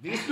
This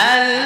Al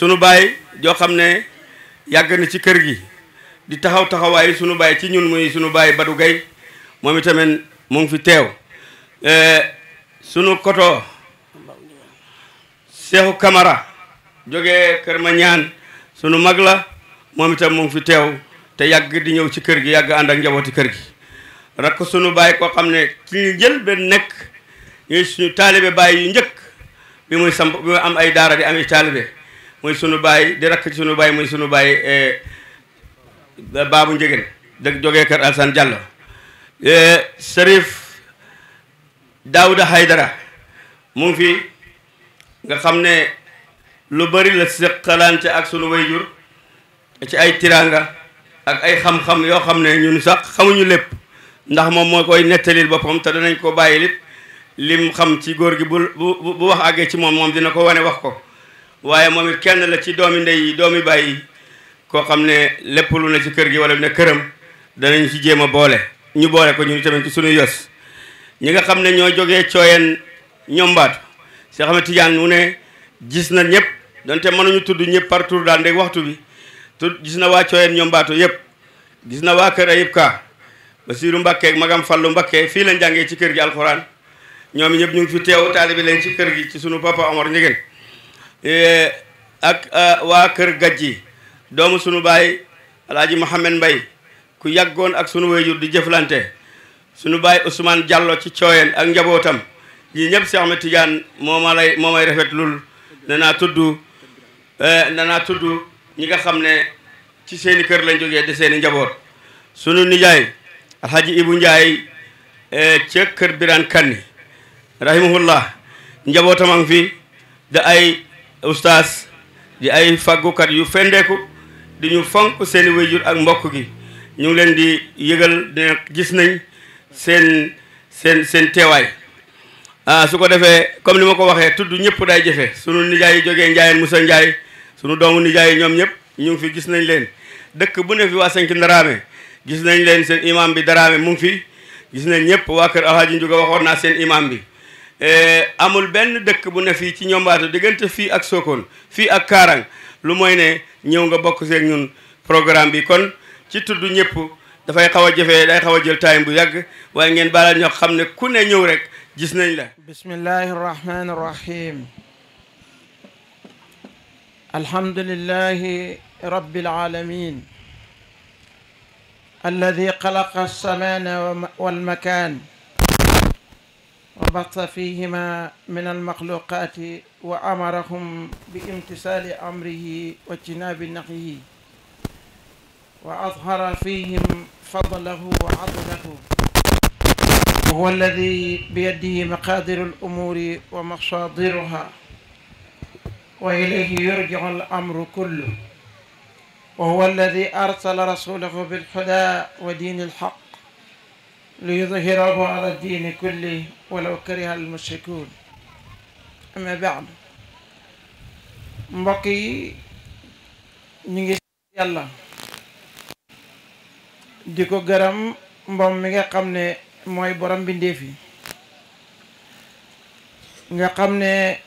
sunu baay joo xam ne yàgg na ci kër gi di taxaw taxawaayu sunu baay ci ñun muy sunu baay Badou Guèye moom itamit mu ngi fi teew eh, sunu koto Seexu Kamara jóge kër ma ñaan sunu mag la moom itam mu ngi fi teew te yàgg di ñëw ci kër gi yàgg ànd ak njabooti kër gi rakk sunu baay koo xam ne ci ñu jël benn nekk ñuy suñu taalibe baay yu njëkk bi muy samp bi muy am ay daara di am ay taalibe muy sunu baay di rakk sunu baay muy sunu baay eh, baabu njëgën dag joge kër Alsan Jàllo eh, Sërif Daawuda Haydara mu ngi fi nga xam ne lu bari la sëqalante ak sunu wayjur ci ay tiranga ak ay xam-xam yoo xam ne ñun sax xamuñu lépp ndax moom moo koy nettalil boppam te danañ ko bàyyi lit lim xam ci góor gi bu bu bu wax àggee ci moom moom dina ko wane wax ko waye momit kenn la ci doomi ndey yi doomi baay yi koo ne lu ne ci kër gi wala ne këram danañ ci jema boole ñu boole ko ñu tamit ci suñu yos ñi nga xamne ne joggé cioyen ñom baat si xam tidiane mu ne gis na ñëpp donte mënuñu tudd ñëpp partout daal ndeg waxtu bi tud gis na cioyen ñom ñombaatu yep, gis na wa kër ayib ka Basiiru ak magam Fallu Mbàkke fi lañ jangé ci kër gi alcorane ñom ñëpp ñu fi teew talibi lañ ci kër gi ci sunu papa Omar ñigen Eh, ak eh, waa kër gajji doomu sunu baay alaaji Mouhamed Mbay ku yàggoon ak sunu wayjur di jëflante sunu baay Ousmane Diallo ci cooyeen ak njabootam ñi ñëpp Seex Ahmed Tidiane moo ma lay moo may rafet lul danaa tudd danaa eh, tudd ñi nga xam ne ci seeni kër lañ jógee de seeni njaboot sunu nijaay alhaji Ibu Njaay ca kër Biraan Kanni rahimahullah njabootam fi da ay ustaas di ay faggukat yu fendeeku di ñu fonk seen i ak mbokk gi ñu leen di yëgal ne gis nañ seen seen seen teewaay ah su ko defee comme ni ma ko waxee tudd ñëpp daay jëfe sunu nijaay yi jógee njaay Musa Njaay sunu doomu nijaay yi ñoom ñëpp ñu fi gis nañ leen dëkk bu ne fi waa Senki Ndaraame gis nañ leen seen imam bi Daraame mu ngi fi gis nañ ñëpp waa kër Alhaaji Njuga waxoon naa seen imam bi amul benn dëkk bu ne fii ci ñombaato diggante fii ak Sokone fii ak Kaarang lu mooy ne ñëw nga bokk seeg ñun programme bi kon ci tudd ñëpp dafay xaw a jafee day xaw a jël time bu yàgg waaye ngeen baala ñoo xam ne ku ne ñëw rek gis nañ la bismillahi rahmani rahim alhamdulillahi rabbil alamin alladi xalaqa alsamana walmakan وبث فيهما من المخلوقات وأمرهم بامتثال أمره واجتناب نقيه وأظهر فيهم فضله وعدله وهو الذي بيده مقادر الأمور ومصادرها وإليه يرجع الأمر كله وهو الذي أرسل رسوله بالحدى ودين الحق ليظهره على الدين كله ولو كره المشركون أما بعد بقي نيجي يلا ديكو غرام مبام ميغا قامني موي بورام بيندي في nga xamne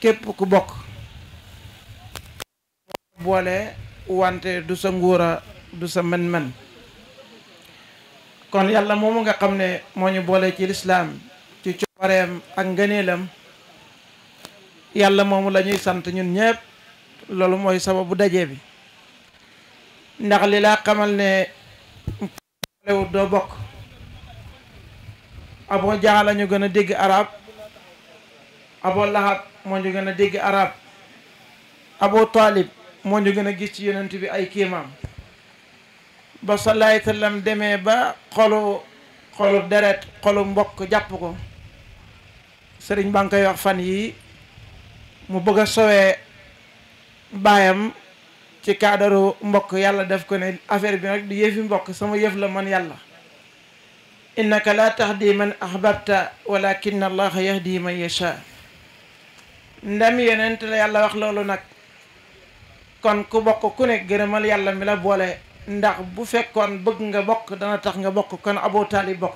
kep ku bok boole wante du sa ngoura du kon yàlla moomu nga xam ne moo ñu boole ci lislaam ci coobareem ak ngëneelam yàlla moomu la ñuy sant ñun ñëpp loolu mooy sababu daje bi ndax li laa xamal ne boolewut doo bokk abo jaa la ñu gën a dégg arab abo lahab moo ñu gën a dégg arab abo taalib moo ñu gën a gis ci yenent bi ay kéemaam ba salaay sallam demee ba xolu xolu deret xolu mbokk jàpp ko sëriñ ba nga koy wax fan yii mu bëgg a sowee baayam ci kaadaru mbokk yàlla def ko ne affaire bi nag du yëfi mbokk sama yëf la man yàlla innaka laa tahdi man ahbabta walakin allaha yahdi man yasha ndam yonent la yàlla wax loolu nag kon ku bokk ku ne gërëmal yàlla mi la boole ndax bu fekkoon bëgg nga bokk dana tax nga bokk kon Abu Taalib bokk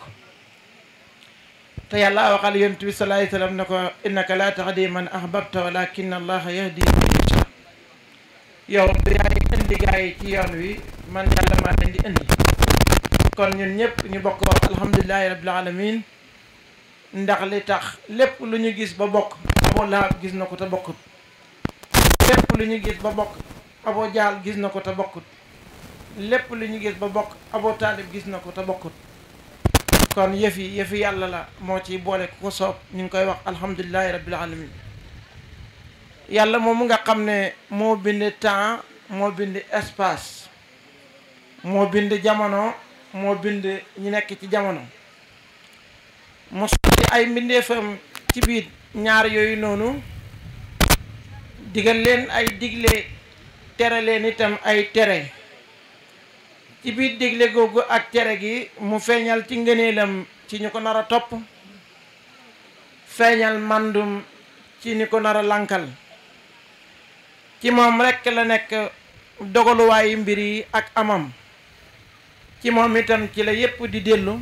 te yàlla waxal yonent bi sallallahu alayhi wa sallam ne ko innaka laa tahdi man ahbabta walakin allaha yahdi man yasha yow du yaay indi gaay yi ci yoon wi man yàlla maa leen indi kon ñun ñëpp ñu bokk wax alhamdulilahi rabbil alamin ndax li tax lépp lu ñu gis ba bokk Abu Lahab na ko te bokkut lu ñu gis ba gis na ko te bokkut lépp lu ñu gis ba bokk Abu gis na ko te bokkut kon yëf yi yëfi yàlla la moo ciy boole ku ko soob ñu ngi koy wax alhamdulilahi rabbil alamin yàlla moomu nga xam ne moo bind temps moo bind espace moo bind jamono moo bind ñu nekk ci jamono mu sotti ay mbindeefam ci biir ñaar yooyu noonu digal leen ay digle tere leen itam ay tere ci biir digle googu ak cere gi mu feeñal ci ngëneelam ci ñu ko nar a topp feeñal mandum ci ni ko nar a lankal ci moom rekk la nekk dogaluwaayu mbir yi ak amam ci moom itam ci la yépp di dellu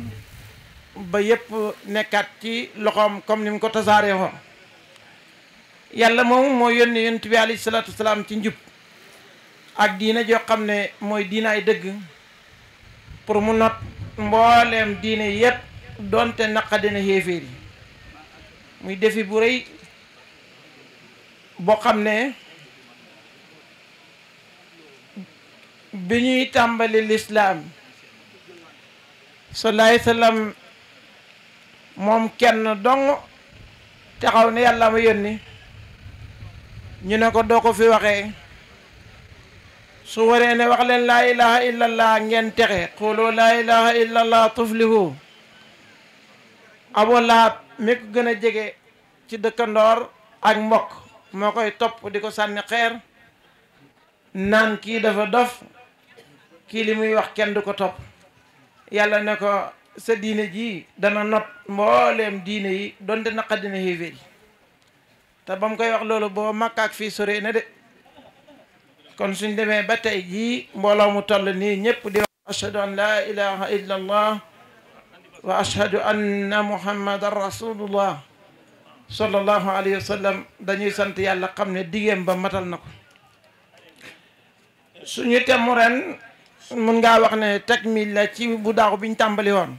ba yépp nekkaat ci loxoom comme ni mu ko tasaaree ko yàlla moomu moo yónni yonent bi alayhi salaatu ci njub ak diina joo xam ne mooy diina ay dëgg pour mu not mbooleem diine yépp donte naqadina xéeféer yi muy defi bu rëy boo xam ne bi ñuy tàmbali lislaam sallallahu alayhi wa moom kenn dong taxaw ne yàlla ma yónni ñu ne ko doo ko fi waxee سورين وقل لا إله إلا الله عن قولوا لا إله إلا الله طفله أبو الله ميكو جنة جيجة تدك نور عن موك موكو يطب وديكو سان نقير نان كي دفا دف كي لمي وقت كن دوكو طب يالا نكو سديني جي دانا نب موليم ديني دون دي نقدني هيفيل تبام كي وقلولو بو مكاك في سورين دي kon suñ démé ba tey jii mbooloo mu toll ni ñëpp di ashhadu an la ilaha illa allah wa ashhadu anna muhammadar rasulullah sallallahu alayhi wasallam dañuy sant yàlla xamné digéem ba matal nako suñu temu ren mun ngaa wax ne tekmil la ci bu daaw biñ tàmbali won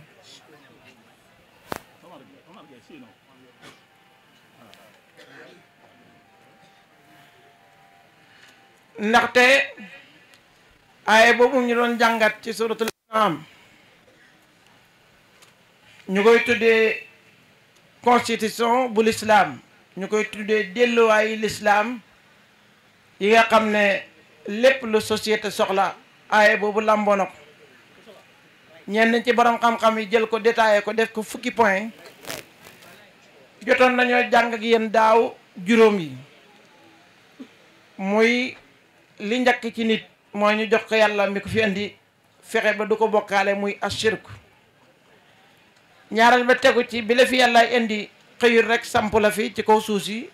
ndaxte aaye boobu ñu doon jàngat ci suratul anam ñu koy tuddee constitution bu lislaam ñu koy tuddee delluwaayu lislaam yi nga xam ne lépp lu société soxla aaye boobu làmboo na ko ñenn ci borom xam-xam yi jël ko détaillé ko def ko fukki point jotoon nañu jàng ak yéen daaw juróom yi muy li njëkk ci nit mooy ñu jox ko yàlla mi ko fi indi fexe ba du ko bokkaale muy ashirk ñaareel ba tegu ci bi indi xëyul rek samp la fi ci kaw suuf si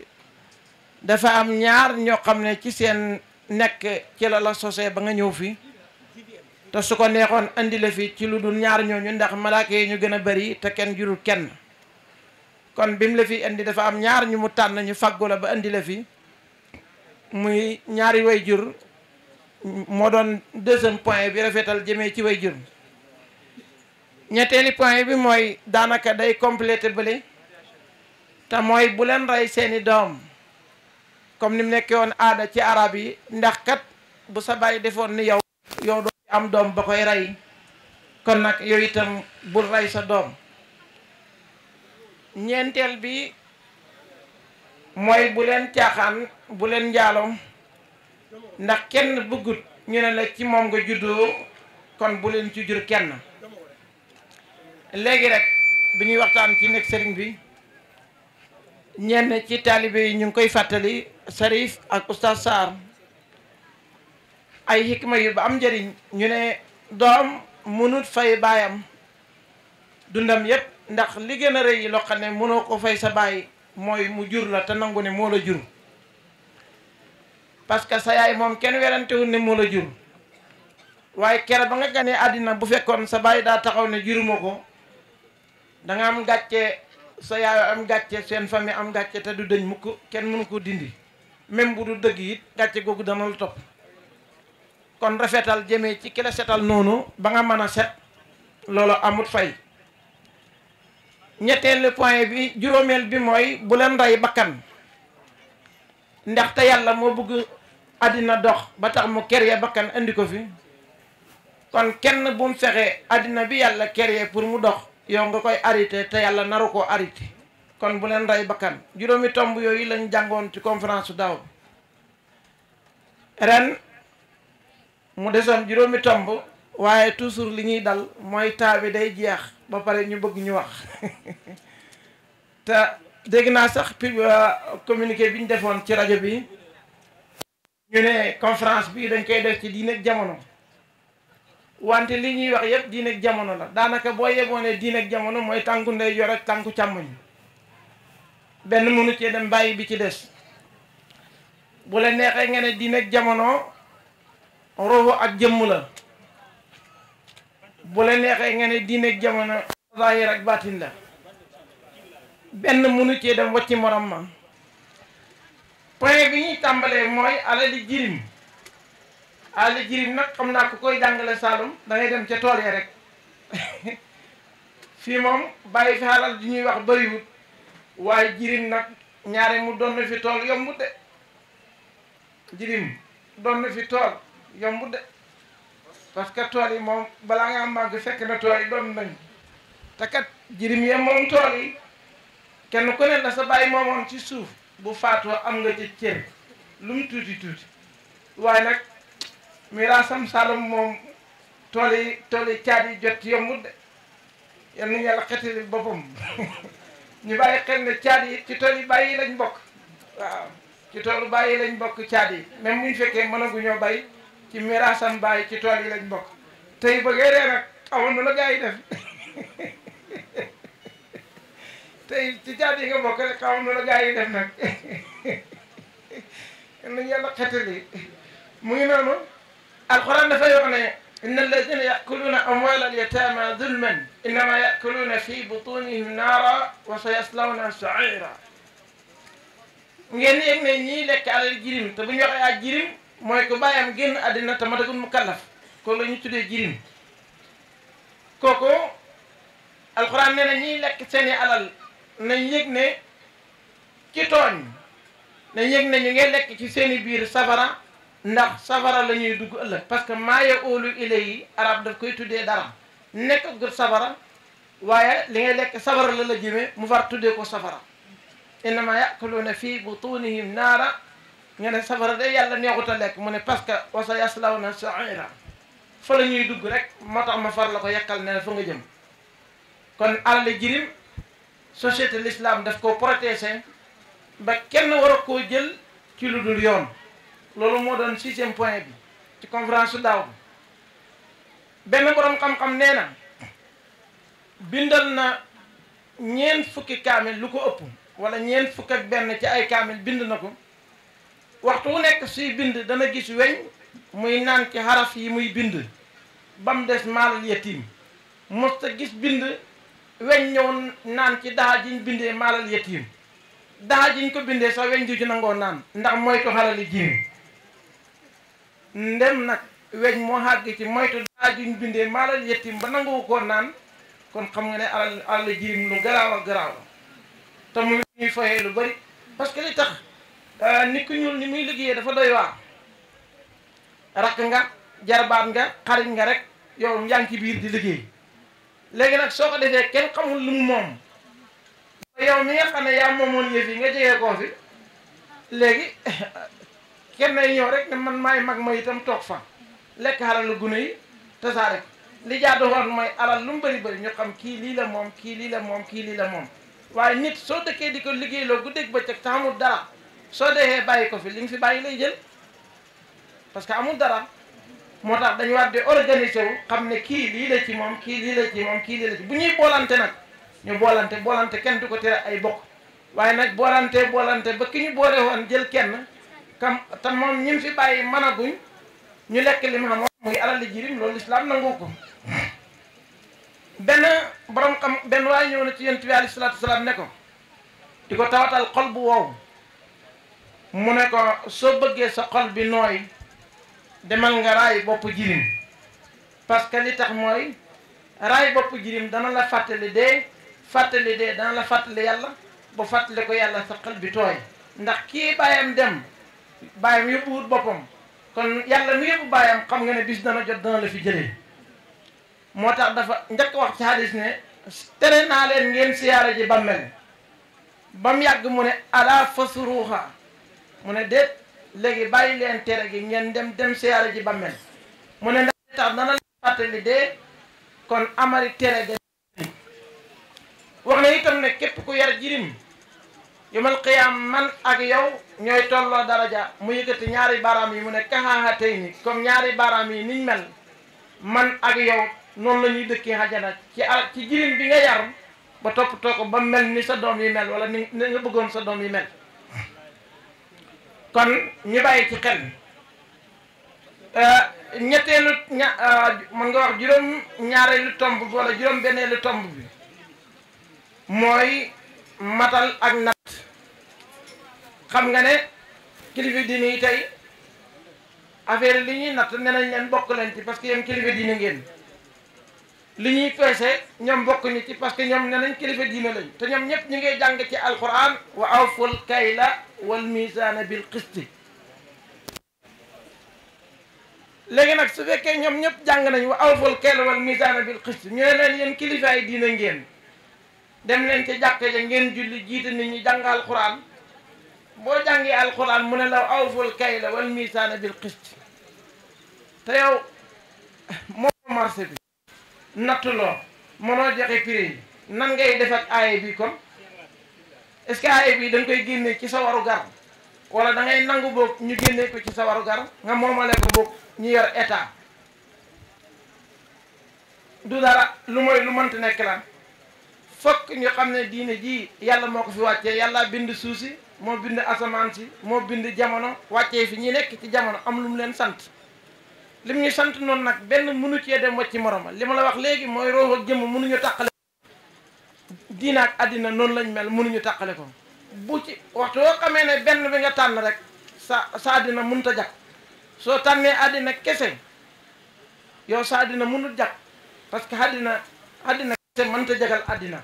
dafa am ñaar ñoo xam ne ci seen nekk ci ba nga ñëw fi te su ko neexoon indi la fi ci lu dul ñaar ñooñu ndax malaaka yi ñu gën a bari te kenn jurul kenn kon bi mu indi dafa am ñaar ñu mu tànn ñu fàggu ba indi la fi muy ñaari way jur moo doon deuxième point bi rafetal jëmee ci way jur ñetteeli point bi mooy daanaka day complété bële te mooy bu leen rey seeni doom comme ni mu nekkee woon aada ci arab yi ndax kat bu sa bàyyi defoon ni yow yow doo am doom ba koy rey kon nag yow itam bul rey sa doom ñeenteel bi mooy bu leen caaxaan bu len nak ndax kenn bëggut ñu ne la ci mom nga juddo kon bu len ci jur kenn légui rek bi ñuy waxtaan ci nek sëriñ bi ñen ci talibé yi ñu koy fatali sharif ak oustad sar ay hikma yu am njëriñ ñu ne doom mënut fay bayam dundam yépp ndax li gëna reey lo xane mëno ko fay sa bay moy mu jur la nangu ne la jur parce que sa yaay moom kenn werantewul ne moo la jur waaye kere ba nga ganee àddina bu fekkoon sa baay daa taxaw ne juruma ko danga am gàcce sa yaay am gàcce seen famille am gàcce te du dëñ mukk kenn mënu ko dindi même bu du dëgg it gàcce googu dana la topp kon rafetal jëmee ci ki la setal noonu ba nga mën a set loolu amut fay ñetteelu point bi juróomeel bi mooy bu leen rey bakkan ta yalla mo bëgg adina dox ba tax mu ya bakkan andi ko fi kon kenn bu mu fexé adina bi kër ya pour mu dox yow nga koy arrêté ta yalla naru arrêté kon bu len ray bakkan juromi tomb yoy lañ jangon ci conférence daw ren mu desoon juromi tomb waye toujours li ñuy dal moy taabi day jeex ba paré ñu bëgg ñu wax ta dégg naa sax euh, communiqué bi ñu defoon ci rajo bi ñu ne conférence bi dañ koy def ci diineeg jamono wante li ñuy wax yëpp diineeg jamono la daanaka boo yeboo ne diineeg jamono mooy tànku ndeyjoor ak tànku ñu benn mënu cee dem bàyyi bi ci des bu la neexee nga ne diineeg jamono roho ak jëmm la bu la neexee nga ne diineeg jamono zahir baatin la benn mënu cee dem wacci morom ma point bi ñuy tàmbalee mooy alali jirim alali jirim nag xam naa ku koy jàngale Saalum da dem ca tool ya rek fii moom bàyyi fi alal ju ñuy wax bëriwut waaye jirim nag ñaare mu doon na fi tool yombut de jirim doon fi tool yombut de parce que tool yi moom balaa nga am màgg fekk na tool yi doon nañ te kat jirim yee moom tool yi kenn ku ne la sa bàyyi moomoon ci suuf bu faatoo am nga ci cër lu mu tuuti tuuti waaye nag miraasam Saalum moom tool yi tool yi caat yi jot yombut de yal nañu yàlla xetali boppam ñu bàyyi xel ne caat yi ci tool yi bàyyi yi lañ bokk waaw ci toolu bàyyi yi lañ bokk caat yi même bu ñu fekkee mënaguñoo bay ci miraasam bàyyi ci tool yi lañ bokk tey bëggee ree nag amoon na la gaa def tey ci jaad yi nga bokk rek xaw ma la gaa yi def nag nañ yàlla xetali mu ngi noonu alquran dafa wax ne inna alladina yakuluna amwala alyatama zulman innama yakuluna fi butunihim naara wa sa yaslawna saira ngeen yëg ne ñii lekk alal jirim te bu ñu waxee ak jirim mooy ko bàyyam génn àddina te matagul mu kallaf ko la ñu tuddee jirim kooku alquran nee na ñiy lekk seeni alal nañ yëg ne ki tooñ nañ yëg ne ñu ngi lekk ci seeni biir safara ndax safara la ñuy dugg ëllëg parce que maaye óolu ile yi arab daf koy tuddee dara nekk gut safara waaye li ngay lekk safara la la jëmee mu far tuddee ko safara na innama yaquluuna fi butunihim naara nga ne safara de yàlla neexut a lekk mu ne parce que wa sa yaslawna saira fa la ñuy dugg rek moo tax ma far la ko yàkkal ne foo nga jëm kon alal jirim société l'islam daf ko protéger ba kenn war a koo jël ci lu dul yoon loolu moo doon sixième point bi ci conférence su daaw bi benn borom xam-xam neena bindal na ñeent fukki kaamil lu ko ëpp wala ñeent fukk ak benn ci ay kaamil bind na ko waxtu wu nekk suy bind dana gis weñ muy naan ci xaraf yi muy bind ba mu des maalal yatiim mosta gis bind weñ ñëw naan ci daa jiñ bindee maalal yetiim daa jiñ ko bindee sax weñ di ci nangoo naan ndax moytu xalali jirim ndem nag weñ moo xàgg ci moytu daa jiñ bindee maalal yetiim ba nanguwu koo naan kon xam nga ne alal alal jirim lu garaaw a garaaw te mu ñuy foyee lu bari parce que li tax euh, nit ku ñuul ni muy liggéeyee dafa doy waar rakk nga jarbaat nga xarit nga rek yow yaa ci biir di liggéey léegi nag soo ko defee kenn xamul lu mu moom yow mi nga xam ne yaa moomoon yëf yi nga jege koo fi léegi kenn ay ñëw rek ne man maay mag ma itam toog fa lekk xalalu gune yi tasaare li jaadu woon mooy alal lu mu bëri bëri ñu xam kii lii la moom kii lii la moom kii lii la moom waaye nit soo dëkkee di ko liggéey liggéeyloo guddeeg bëccëg te amul dara soo dexee bàyyi ko fi li nga fi bàyyi lay jël parce que amul dara moo tax dañu war de organiser wu xam ne kii lii la ci moom kii lii la ci moom kii lii la ci bu ñuy boolante nag ñu boolante boolante kenn di ko tere ay bokk waaye nag boolante boolante ba ki ñu boole woon jël kenn kam te moom ñi fi bàyyi managuñ ñu lekk li ma moom muy alali jirim loolu islam nangu ko benn borom xam benn waay ñëw na ci yonent bi alayhi salaatu salaam ne ko di ko tawatal xol bu wow mu ne ko soo bëggee sa xol bi nooy demal nga raay bopp jirim parce que li tax mooy raay bopp jirim dana la fàttali dee fàttali dee dana la fàttali yàlla ba fàttali ko yàlla sa xel bi tooy ndax kii bàyyam dem bàyyam wut boppam kon yàlla mu yóbbu bàyyam xam nga ne bis dana jot dana la fi jële moo tax dafa njëkk wax ci hadis ne tere naa leen ngeen siyaara ji bàmmel ba mu yàgg mu ne ala fasuruuxa mu ne déet léegi bàyyi leen tere gi ngeen dem dem siyaare ji bammel mu ne ndax tax dana la fàttali dee kon amari tere wax na itam ne képp ku yar jirim yomal qiyaam man ak yow ñooy tolloo daraja mu yëkkati ñaari baaraam yi mu ne kaxaaxa tey ni comme ñaari baaraam yi niñ mel man ak yow noonu la ñuy dëkkee xajana ci a ci jirim bi nga yar ba toppatoo ko ba mel ni sa doom yi mel wala ni nga bëggoon sa doom yi mel kon ñu bàyyi ci xel euh, ñetteelu ña euh, mën nga wax juróom ñaareelu tomb bi wala juróom benneelu tomb bi mooy matal ak natt xam nga ne kilifa diine yi tey affaire li ñuy natt ne nañ leen bokk leen ci parce que yéen kilifa diine ngeen li ñuy peese ñoom bokkuñu ci parce que ñoom ne nañ kilifa diine lañu te ñoom ñëpp ñu ngay jàng ci alquran wa awful kayla wal misaana bil qisti léegi nag su fekkee ñoom ñëpp jàng nañ wa awful kayla wal misaana bil qisti ñu ne leen yéen kilifa yi diine ngeen dem leen ci jàkka ja ngeen julli jiite nit ñi jàng alquran boo jàngee alquran mu ne la awful kayla wal misaana bil qisti te yow moo marché bi nattuloo mënoo joxe prix yi nan ngay def ak aaye bi kon est bii dañ koy génne ci sa waru gar wala da ngay nangu boog ñu génne ko ci sa waru gar nga moomale ko boog ñu yor état du dara lu mooy lu mënta nekk la fokk ñu xam ne diine ji yàlla moo ko fi wàccee yàlla bind suuf si moo bind asamaan si moo bind jamono wàccee fi ñi nekk ci jamono am lu mu leen sant lim ñu sant noonu nag benn mënu cee dem wacci moroma li ma la wax léegi mooy roox jëm jëmm mënuñu tàqale diina ak àddina noonu lañ mel mënuñu tàqale ko bu ci waxtu woo xamee ne benn bi nga tànn rek sa sa àddina mënut a jag soo tànnee àddina kese yow sa àddina mënut jag parce que àddina àddina kese mënut a jagal àddina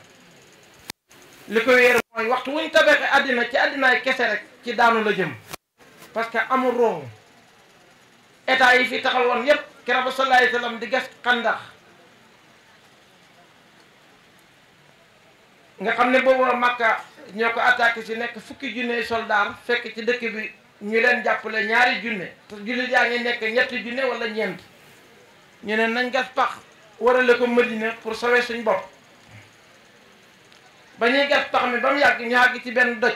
li ko wéer mooy waxtu wuñ tabaxee àddina ci àddinaay kese rek ci daanu la jëm parce que amul rooxu eta yi fi taxal won yeb kera keroog sallallahu alayhi wasallam di gas xandax nga xamne bo boobu Makka ñoko attaquer ci nek fukki junne soldaar fekk ci dekk bi ñu leen jappale ñaari junne te julli ja nga nek ñetti junne wala ñent ñu ne nañ gas pax warale ko medina pour sawé suñ bop bañu gas pax mi bam yag ñaag ci ben doj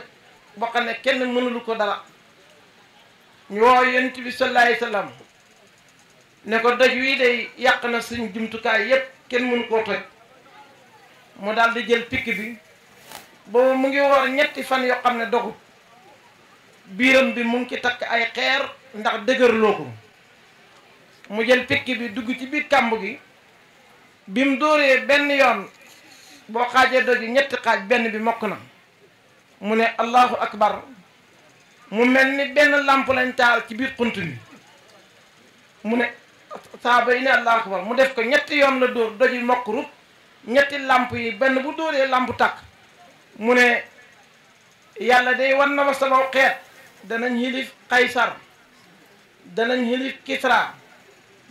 bokane kenn mënu lu ko dara ñu woo yonent sallallahu alayhi wasallam ne ko doj wii de yàq na suñ jumtukaay yépp kenn mënu koo toj mu daldi jël pikk bi boobu mu ngi woor ñetti fan yoo xam ne dogut biiram bi mu ngi takk ay xeer ndax dëgërloo ko mu jël pikk bi dugg ci biir kàmb gi bi mu dóoree benn yoon boo xaajee doj ñetti xaaj benn bi mokk na mu ne allahu akbar mu mel ni benn làmp lañ taal ci biir xunt bi mu ne saaba yi ne allah akbar mu def ko ñetti yoon la dóor doji mokk rub ñetti làmp yi benn bu dóoree làmp tàkk mu ne yàlla day war na ma sama xeet danañ xilif kaysar danañ xilif kitra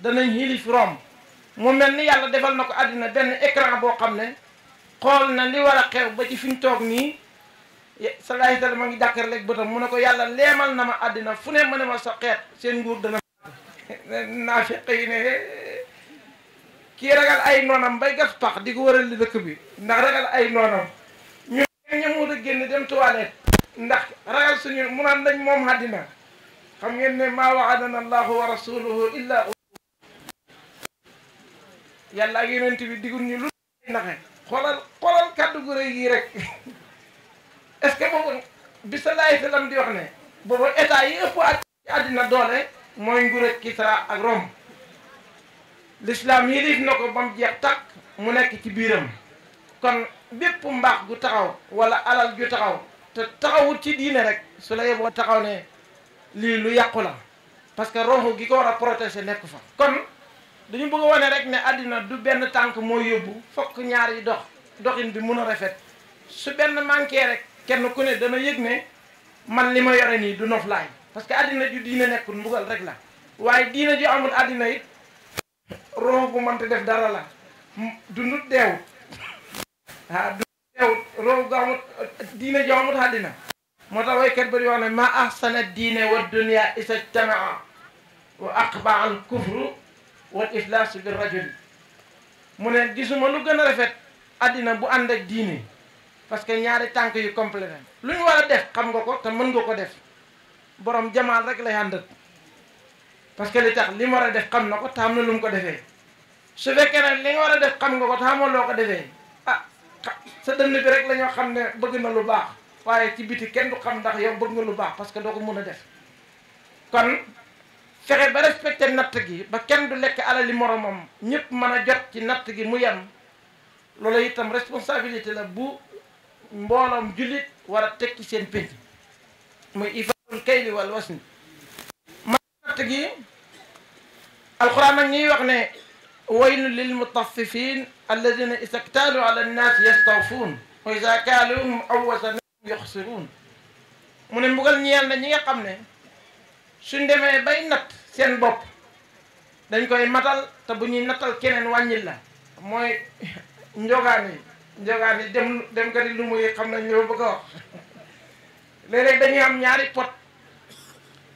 danañ xilif rom mu mel ni yàlla defal na ko àddina benn écran boo xam ne xool na li war a xew ba ci fi mu toog nii sallallahu alayhi ma ngi jàkkaarloo ak bëtam mu ne ko yàlla leemal na ma àddina fu ne ma ne ma sa xeet seen nguur dana naafiq yi ne kii ragal ay noonam bay gas pax di ko waral dëkk bi ndax ragal ay noonam ñu ñamut a génn dem toilette ndax ragal suñu mu naan dañ moom àddina xam ngeen ne maa waadana allahu wa rasuluhu illa yàlla ak yonent bi digul ñu lu naxe xoolal xoolal kàddu gu rek est ce que boobu bi sa di wax ne boobu état yi ëpp àddina doole mooy nguur Kisra ak Rome l'islam yilif na ko ba mu jeex takk mu nekk ci biiram kon bépp mbaax gu taxaw wala alal ju taxaw te taxawut ci diine rek su la yeboo taxaw ne lii lu yàqu la parce que roxu gi ko war a protéger nekk fa kon dañu bëgg a wane rek ne àddina du benn tànk moo yóbbu fokk ñaari dox doxin bi mun a rafet su benn manqué rek kenn ku ne dana yëg ne man li ma yore nii du noflaay parce que addina ju diine nekkul mbugal rek la waaye diine ju amul àddina it rox bu def dara la dundut deewut ah dundut deewut rox gu amut diine ju amut addina moo tax waykat bari wax ne ma ahsana diine wa dunia isa jtamaa wa aqba al kufru wal iflasu bi rajuli mu ne gisuma lu gën a rafet àddina bu ànd ak diine parce que ñaari tànk yu complété lu ñu def xam nga ko te mën nga ko def borom jamaal rek lay àndal parce que li tax li mu war def xam nako tam na lum ko defé su fekké nag li nga war a def xam nga ko tam xamoo loo ko defee ah sa dënd bi rek la ñoo xam ne bëgg na lu baax waye ci biti kenn du xam ndax yow bëgg nga lu baax parce que doko mëna def kon fexé ba respecté nat gi ba kenn du ala li moromam ñëpp mën a jot ci nat gi mu yam lolé itam responsabilité la bu mbolam julit wara a teg ci seen pénc muy الكيل والوزن ما تجي القران ني وخني ويل للمطففين الذين اذا اكتالوا على الناس يستوفون واذا كالوهم او وزنهم يخسرون من مغل ني يالنا نيغا خامني سون ديمي باي نات سين بوب دنج كوي ماتال تا بو ني ناتال كينن واني لا موي نجوغاني نجوغاني دم دم كاري لومو يي خامنا نيو بوكو لي لي دنج ام نياري بوت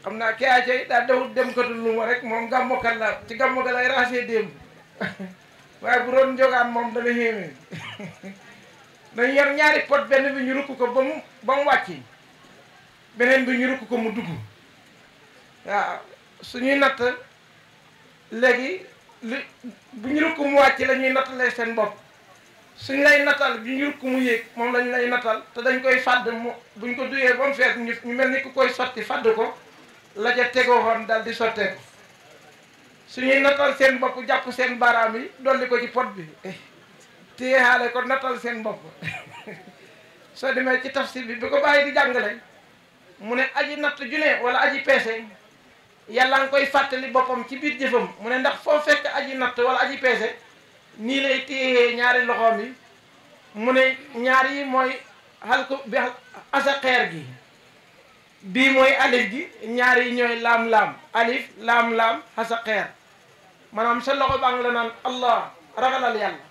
xam naa ke a daa dawut dem katuluma rek moom gàmmokat la ci gàmmo ga lay raasee démb waaye bu doon njogaan moom dana xéemee dañ yor ñaari pot benn bi ñu rukk ko ba mu ba mu wàcci beneen bi ñu rukk ko mu dugg waaw suñuy natt léegi li bu ñu rukk mu wàcc la ñuy nattalee seen bopp suñ lay nattal bi ñu rukk mu yéeg moom lañ lay nattal te dañ koy fàdd mu buñ ko duyee ba mu fees ñu mel ni ku koy sotti fàdd ko la ca tegoo xoon daal di sotteeku suñuy natal seen bopp jàpp seen baaraam yi dolli ko ci pot bi téye ko natal seen bopp soo demee ci tafsir bi bi ko bàyyi di jàngale mu ne aji natt junne wala aji peese yàlla nga koy fàttali boppam ci biir jëfam mu ne ndax foo fekk aji natt wala aji peese nii lay téye ñaari loxoom yi mu ne ñaar yi mooy xal ko bi asa gi bii mooy alif gi ñaar yi ñooy laam-laam alif laam-laam xasa xeer maanaam sa loxo baa ngi la naan allah ragalal yàlla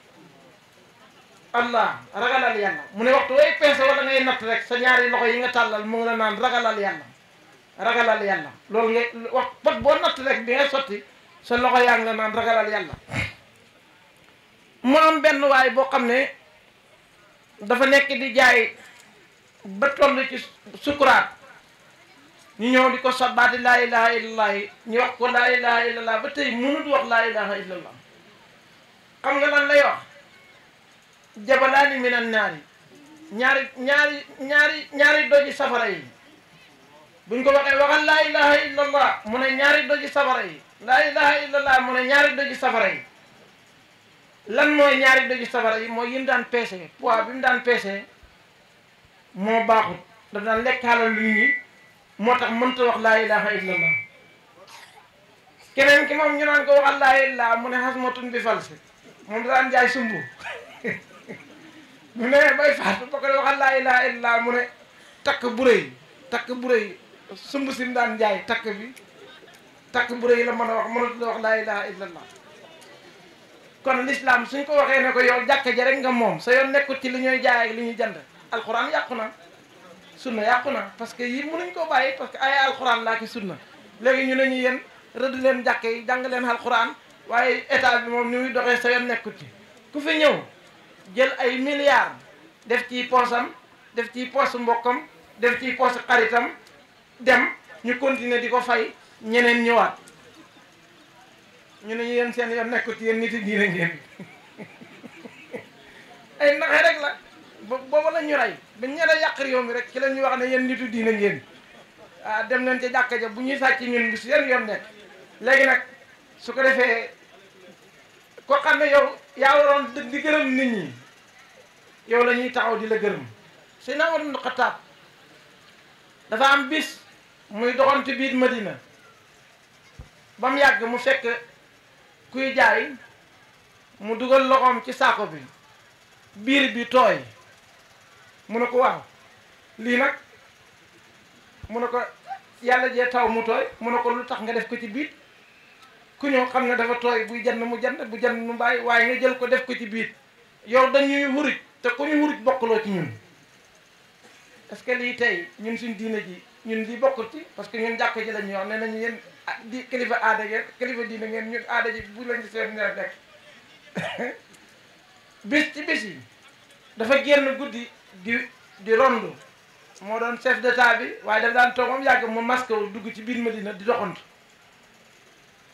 allah ragalal yàlla mu ne waxtu way peese wala ngay natt rek sa ñaari loxo yi nga tàllal mu ngi naan ragalal yàlla ragalal yàlla loolu ngay wax pat boo natt rek bi nga sotti sa loxo yaa ngi la naan ragalal yàlla mu am benn waay boo xam ne dafa nekk di jaay ba toll ci sukuraat ñu ñëw di ko sabbaati laa ilaha illallah yi ñu wax ko laa ilaha illallah ba tey mënut wax laa ilaha illallah xam nga lan lay wax jabalaani minan naari ñaari ñaari ñaari ñaari doji safara yi buñ ko waxee waxal laa ilaha illallah mu ne ñaari doji safara yi laa ilaha illallah mu ne ñaari doji safara yi lan mooy ñaari doji safara yi mooy yim daan peese poids bi mu daan peese moo baaxut da daan lekkaala lu ñi moo tax mënta wax laa ilaha illallah keneen ki moom ñu naan ko waxal laa illah mu ne xasmatun bi falsi moom daan jaay sumbu mu ne bay faatu ba ko waxal laa ilaha illallah mu ne takk bu rëy takk bu rëy sumb si mu daan jaay takk bi takk bu rëy la mën a wax mënatu la wax laa ilaha illallah kon l'islam suñ ko waxee ne ko yow jàkka ja rek nga moom sa yoon nekkul ci li ñuy jaay ak li ñuy jënd alquran yàqu na sunna yàqu na parce que yi mu mënuñ koo bàyyi parce que ay alxuraan laa ki sunna léegi ñu ne ñu yéen rëdd leen jàkke yi jàng leen alxuraan waaye état bi moom ni muy doxee sa yoon nekkut ci ku fi ñëw jël ay milliards def ci poosam def ci poos mbokkam def ci poos xaritam dem ñu continuer di ko fay ñeneen ñëwaat ñu ne ñu yéen seen yoon nekkut ci yéen nit yi diine ngeen ay naxe rek la booba la ñu rey biñ ñu rey yàq réew mi rek ci la ñuy wax ne yéen nitu diine ngeen ah dem nañ ca jàkka ja bu ñuy sàcc ñun bu si yéen yoon nekk léegi nag su ko defee koo xam ne yow yaa waroon di gërëm nit ñi yow lañuy taxaw di la gërëm si naa war na xataab dafa am bis muy doxante biir Madina ba mu yàgg mu fekk kuy jaay mu dugal loxoom ci saako bi biir bi tooy mu ne ko waaw lii nag mu ne ko yàlla jee taw mu tooy mu ne ko lu tax nga def ko ci biit ku ñëw xam ne dafa tooy buy jann mu jann bu jann mu bàyyi waaye nga jël ko def ko ci biit yow dañuy wurit te ku ñu wurit bokkuloo ci ñun parce que lii tey ñun suñ diine ji ñun lii bokkul ci parce que ñun jàkk ji la ñuy wax ne nañu yéen ah, di kilifa aada ngeen kilifa diine ngeen ñun aada ji bu lañu seen ne rek bis ci bis yi dafa génn guddi di di rondu moo doon chef d'état bi waaye daf daan toog moom yàgg mu masque dugg ci biir Medina di doxantu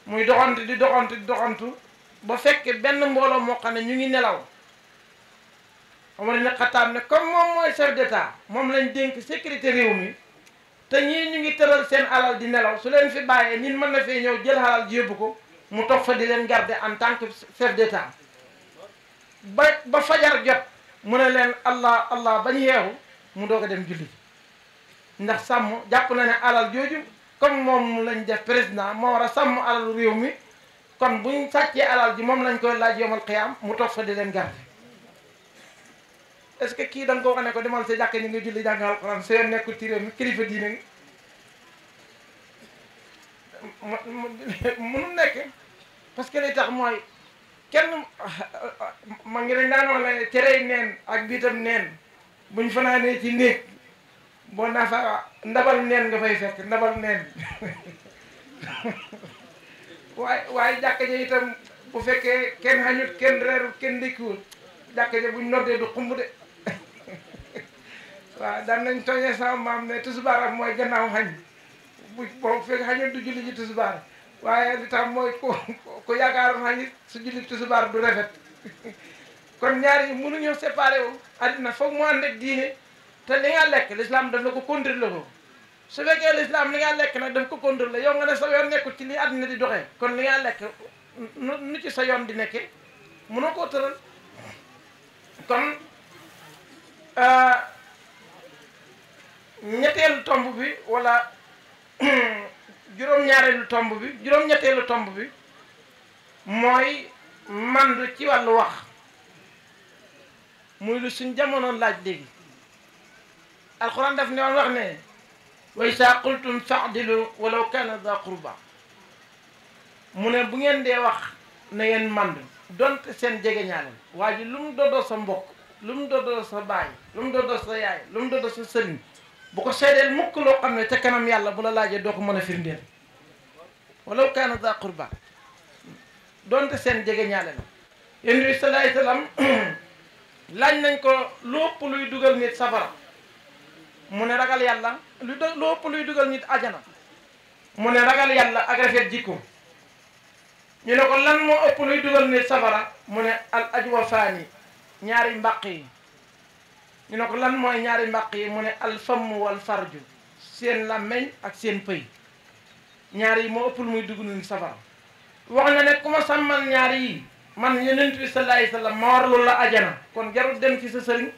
muy doxantu di doxantu di doxantu ba fekk benn mbooloo moo xam ne ñu ngi nelaw Omar ibn Khattab ne comme moom mooy chef d'état moom lañ dénk sécurité réew mi te ñii ñu ngi tëral seen alal di nelaw su leen fi bàyyee nit mën na fi ñëw jël alal ji ko mu toog fa di leen garder en tant que chef d'état ba ba fajar jot mu ne leen allah allah bañ yeewu mu doog a dem julli ndax sàmm jàpp na ne alal jooju comme moom lañ def président moo war a sàmm alal réew mi kon buñ sàccee alal ji moom lañ koy laaj yomal xiyaam mu toog fa di leen garde est-ce que kii da ko wax ne ko demal sa jàkk ñi nga julli jàng alxuraan sa yoon nekkul ci réew mi kilifa diine ngi mu mu nekk parce que li tax mooy kenn ma ngi dañ daan wax ne neen ak biitam neen buñ fanaanee ci néeg boo naa fa ndabal neen nga fay fekk ndabal neen waaye waaye jàkka ja itam bu fekkee kenn xañut kenn reerut kenn ndékkiwul jàkka ja buñ noddee du xumb de waaw daan nañ tooñee sama maam ne tisbaar mooy gannaaw xañ bu boo fekk xañut du julli ji tisbaar waaye li tax mooy ku ku yaakaar naa ni su jullit tisbaar du rafet kon ñaari ñi mënuñoo séparé wu addina foog mu ànd ak diine te li nga lekk l'islam daf la ko contrôler ko su fekkee l'islam li nga lekk nag daf ko contrôler yow nga ne sa yoon nekkul ci li addina di doxee kon li nga lekk nu ci sa yoon di nekkee mënoo koo tëral kon ñetteelu tomb bi wala juróom-ñaareelu tomb bi juróom-ñetteelu tomb bi mooy mandu ci wàllu wax muy lu suñ jamono laaj léegi alxuraan daf ne woon wax ne wa isa qultum fa'dilu walaw kana da qurba mu ne bu ngeen dee wax na ngeen mandu donte seen jege ñaareel waa ji lu mu doodoo sa mbokk lu mu doodoo sa baay lu mu doodoo sa yaay lu mu doodoo sa sëriñ bu ko seedeel mukk loo xam ne te kanam yàlla bu la laajee doo ko mën a firndeel walaw kaana daa qurba doonte seen jege ñaale la yéen bi salaay salaam laaj nañ ko lu ëpp luy dugal nit safara mu ne ragal yàlla lu do lu ëpp luy dugal nit ajana mu ne ragal yàlla ak rafet jikko ñu ne ko lan moo ëpp luy dugal nit safara mu ne al ajwafaani ñaari mbaq yi ñu ne ko lan mooy ñaari mbàq yi mu ne alfamm wal farju seen làmmeñ ak seen pëy ñaar yi moo ëpp lu muy dugg nañ safara wax na ne ku ma sàmmal ñaar yi man yonent bi sallallahu alayhi wasallam ma la ajana kon jarul dem ci sa sëriñ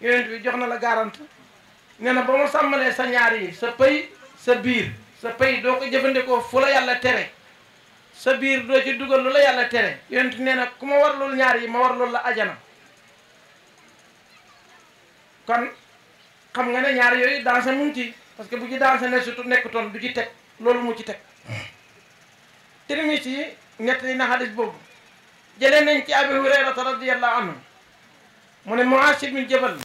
yonent bi jox na la garante nee na ba ma sàmmalee sa ñaar yi sa pëy sa biir sa pëy doo ko jëfandikoo fu la yàlla tere sa biir doo ci dugal lu la yàlla tere yonent nee na ku ma warlul ñaar yi ma la ajana kon xam nga ne ñaar yooyu danse mu ngi ci parce que bu ci danse ne surtout nekkutoon du ci teg loolu mu ci teg tirmis yi ñett yi na xadis boobu jëlee nañ ci abi hurayrata radiallahu anhu mu ne Muaaz ibn Jabal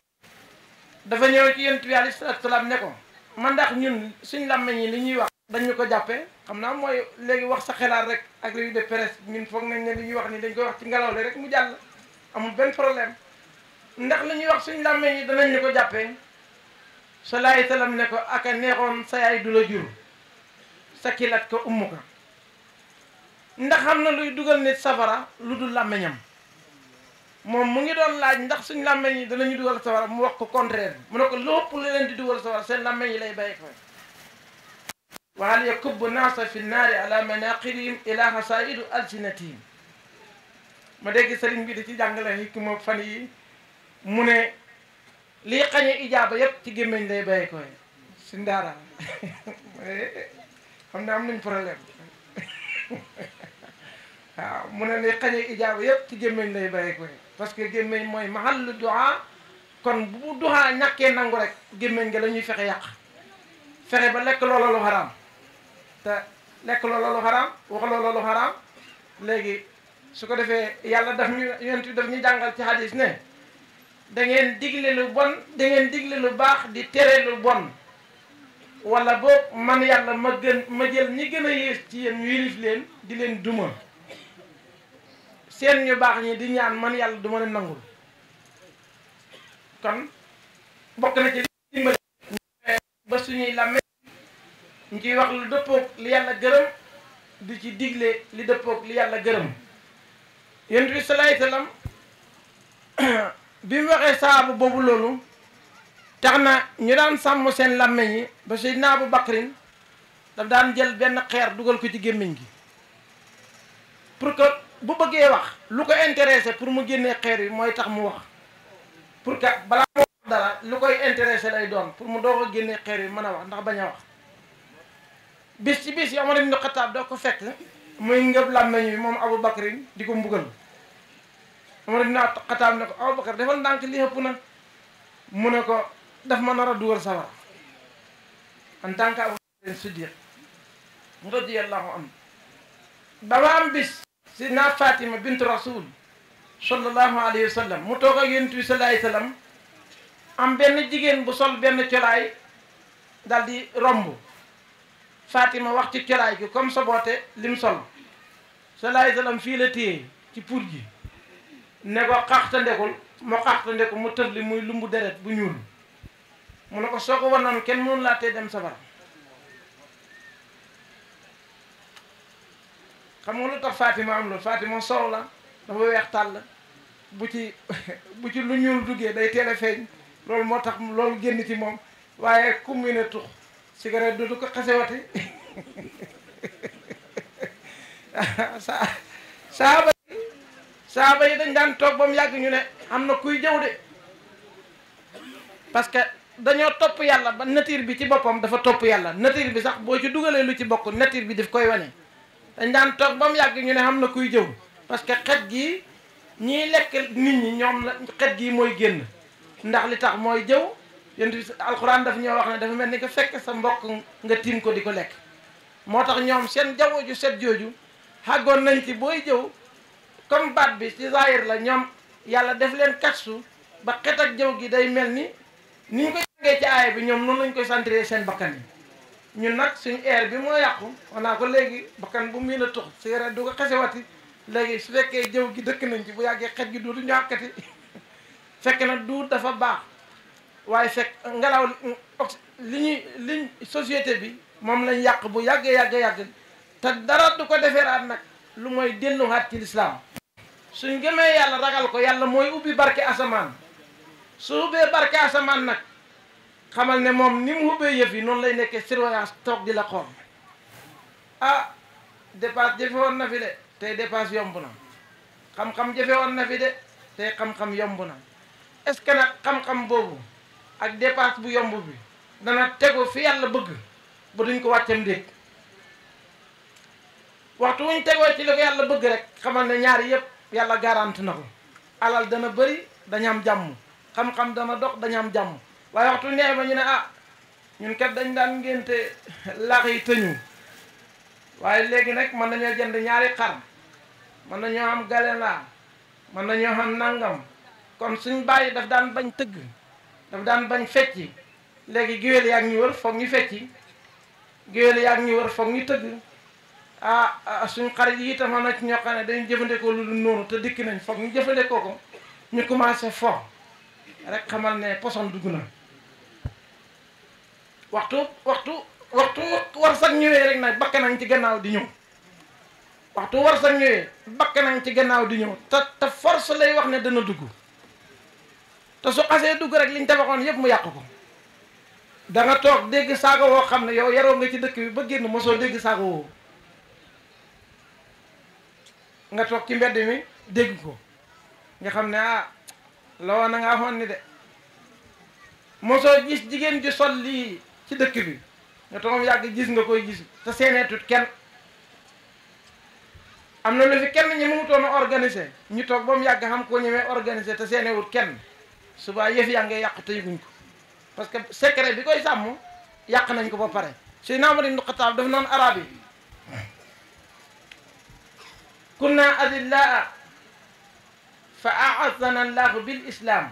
dafa ñëw ci yonent bi alayhi ne ko man ndax ñun suñ làmmiñ ñi li ñuy wax dañu ko jàppee xam naa mooy léegi wax sa xelaat rek ak revue de presse ñun foog nañ ne li ñuy wax ni lañ koy wax ci ngelaw li rek mu jàll amul benn problème ndax lu ñuy wax suñ làmmee yi danañ ñu ko jàppee salaay salaam ne ko aka neexoon sa yaay du la jur sa kilat ko umm ka ndax xam na luy dugal nit safara lu dul làmmeñam moom mu ngi doon laaj ndax suñ làmmeñ yi danañu dugal safara mu wax ko contraire mu ne ko lépp lu leen di dugal safara seen làmmeñ yi lay bàyyi ko wa hal yakubbu naasa fi naari ala manaqirihim ila hasaidu alsinatihim ma dégg sëriñ bi di ci jàngale hikma fan yi mu ne lii xañe ijaaba yëpp ci gémmañ lay bàyyi koy si ndaara xam ne am nañ problème waaw mu ne lii xañe ijaaba yëpp ci gémmiñ lay bàyyi koy parce que gémmiñ mooy mahallu du'a kon bu du'a ñakkee nangu rek gémmañ nga la ñuy fexe yàq fexe ba lekk loola lu xaraam te lekk loola lu xaraam wax loola lu xaraam léegi su ko defee yàlla daf ñu yonent daf ñu jàngal ci hadis ne da digle lu bon da digle lu baax di tere lu bon wala boog man yàlla ma gën ma jël ñi gën a yées ci yéen yilif leen di leen duma seen ñu baax ñi di ñaan man yàlla du ma leen nangul kon bokk na ci dimbali ba suñuy làmme ñu ciy wax lu dëppoog li yàlla gërëm di ci digle li dëppoog li yàlla gërëm yonent bi salaay bi waxe saabu bobu lolou taxna ñu daan sammu seen lamme yi ba sayyidna Abu Bakrin daf daan jël ben xeer duggal ko ci gemmiñ gi pour que bu bëgge wax lu ko intéressé pour mu génnee xeer yi moy tax mu wax pour que bala mo dara lu koy intéressé lay doon pour mu doog a xeer yi mëna wax ndax baña wax bis ci bis yi do ko fekk muy ngeub lamme yi mom Abu Bakrin diko mbugal Omar ibn Xataab ne ko Abubakar defal ndànk li xëpp na mu ne ko daf ma nar a dugal sawara en tant que Abubakar Siddiq radiyallahu anhu dafa am bis si naa Fatima bint Rasul sallallahu alayhi wa mu toog ak yonent bi sallallahu am benn jigéen bu sol benn colaay dal di romb Fatima wax ci colaay gi comme sa boote lim sol sallallahu alayhi wa sallam fii la téye ci pour ji ne ko xaxtandekul mu xaxtandeku mu tëb li muy lumbu deret bu ñuul mu ne ko soo ko wanoon kenn mënu laa dem safara xam nga lu tax Fatima am loolu Fatima soow la dafa weex tàll bu ci bu ci lu ñuul duggee day teel a feeñ loolu moo tax loolu génn ci moom waaye kum ne tux cigarette du du ko xasewate saaba saaba yi dañ daan toog ba mu yàgg ñu ne am na kuy jëw de parce que dañoo topp yàlla ba nature bi ci boppam dafa topp yàlla nature bi sax boo ci dugalee lu ci bokk nature bi daf koy wane dañ daan toog ba mu yàgg ñu ne am na kuy jëw parce que xet gii ñiy lekk nit ñoom la xet gii mooy génn ndax li tax mooy jëw yéen bi alxuraan daf ñoo wax ne dafa mel ni que fekk sa mbokk nga tiim ko di ko lekk moo tax ñoom seen jaww ju set jooju xàggoon nañ ci booy jëw comme baat bi ci zahir la ñoom yàlla def leen kastu ba xet ak jëw gi day mel ni ni ñu ko jàngee ci bi ñoom noonu lañ koy centré seen bakkan yi ñun nag suñu air bi moo yàqu wax naa ko léegi bakkan bu miin a tux sigaret du ko xesewati léegi su fekkee jëw gi dëkk nañ ci yàggee xet gi duutu ñu àkkati fekk na duut dafa baax waaye fekk ngelaw li ñuy liñ société bi moom lañ yàq bu yàggee yàggee yàgg te dara du ko defeeraat nag lu mooy delluwaat ci lislaam suñ gëmee yàlla ragal ko yàlla mooy ubbi barke asamaan su ubbee barke asamaan nag xamal ne moom ni mu ubbee yëf yi noonu lay nekkee surveillance toog di la xool ah dépasse jëfe woon na fi de tey dépasse yomb na xam-xam jëfe woon na fi de tey xam-xam yomb na est-ce que nag xam-xam boobu ak dépasse bu yomb bi dana tegu fi yàlla bëgg ba duñ ko wàccam ndéeg waxtu wuñ tegoo ci li ko yàlla bëgg rek xamal ne ñaari yëpp yàlla garanti na ko alal dana bëri dañu am jàmm xam-xam dana dox dañu am jàmm waaye waxtu nee ma ñu ne ah ñun kat dañ daan ngénte laax yi tëñu waaye léegi nag mën nañoo jënd ñaari xar mën nañoo am galenaa mën nañoo am nangam kon suñ bàyyi daf daan bañ tëgg daf daan bañ fecci léegi géwél yaa ngi ñu wër foog ñu fecci géwél yaa ngi ñu wër foog ñu tëgg Ah, ah suñu xarit yi itam am na ci ñoo xam ne dañu jëfandikoo lu dul noonu te dikk nañ foog ñu jëfandikoo ko ñu commencé fo rek xamal ne poson dugg na waxtu waxtu waxtu war sax ñëwee rek nag bakk nañ ci gannaaw di ñëw waxtu war sax ñëwee bakk nañ ci gannaaw di ñëw te te force lay wax ne dana dugg te su xasee dugg rek liñ tabaxoon yëpp mu yàq ko danga nga toog dégg saago xam ne yow yaroo nga ci dëkk bi ba génn mosoo dégg saago nga toog ci mbedd mi dégg ko nga xam ne ah lawoon na ngaa xoon ni de mosoo gis jigéen ji sol lii ci dëkk bi nga toogam yàgg gis nga koy gis te seeneetut kenn am na lu fi kenn ñi mënutoon a organiser ñu toog ba mu yàgg xam ko ñemee organiser te seenewut kenn suba yëf yaa ngay yàqu te yëguñ ko parce que secret bi koy sàmm yàq nañ ko ba pare suy naa ma di nu xataab daf naan arab yi كنا أذلاء فأعظنا الله بالإسلام